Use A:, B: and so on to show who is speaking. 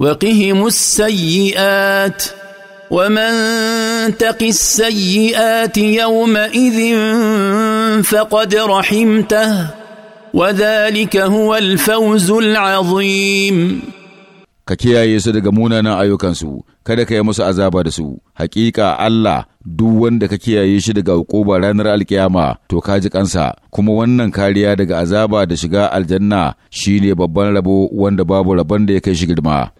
A: وقهم السيئات ومن تق السيئات يومئذ فقد رحمته وذلك هو الفوز العظيم
B: ka kiyaye su daga munanan ayyukansu kada ka yi musu azaba da su hakika Allah duk wanda ka kiyaye shi daga hukuma ranar alkiyama to ka ji kansa kuma wannan kariya daga azaba da shiga aljanna shine babban rabo wanda babu rabon da ya kai shi
C: girma